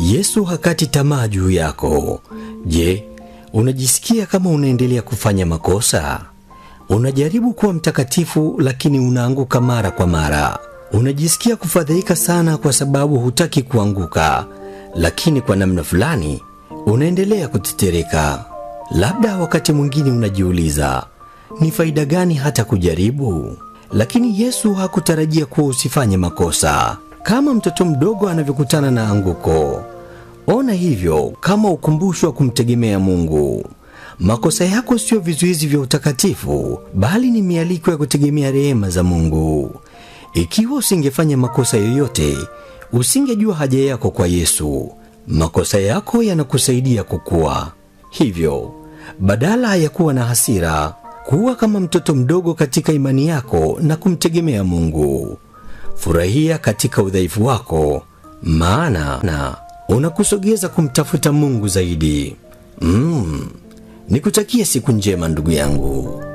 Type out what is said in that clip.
Yesu hakati tamaa juu yako. Je, unajisikia kama unaendelea kufanya makosa? Unajaribu kuwa mtakatifu lakini unaanguka mara kwa mara. Unajisikia kufadhaika sana kwa sababu hutaki kuanguka, lakini kwa namna fulani unaendelea kutetereka. Labda wakati mwingine unajiuliza, ni faida gani hata kujaribu? Lakini Yesu hakutarajia kuwa usifanye makosa. Kama mtoto mdogo anavyokutana na anguko, Ona hivyo kama ukumbusho wa kumtegemea Mungu. Makosa yako sio vizuizi vya utakatifu, bali ni mialiko ya kutegemea rehema za Mungu. Ikiwa usingefanya makosa yoyote, usingejua haja yako kwa Yesu. Makosa yako yanakusaidia kukua. Hivyo, badala ya kuwa na hasira, kuwa kama mtoto mdogo katika imani yako na kumtegemea Mungu. Furahia katika udhaifu wako, maana na unakusogeza kumtafuta Mungu zaidi. Mm, nikutakia siku njema ndugu yangu.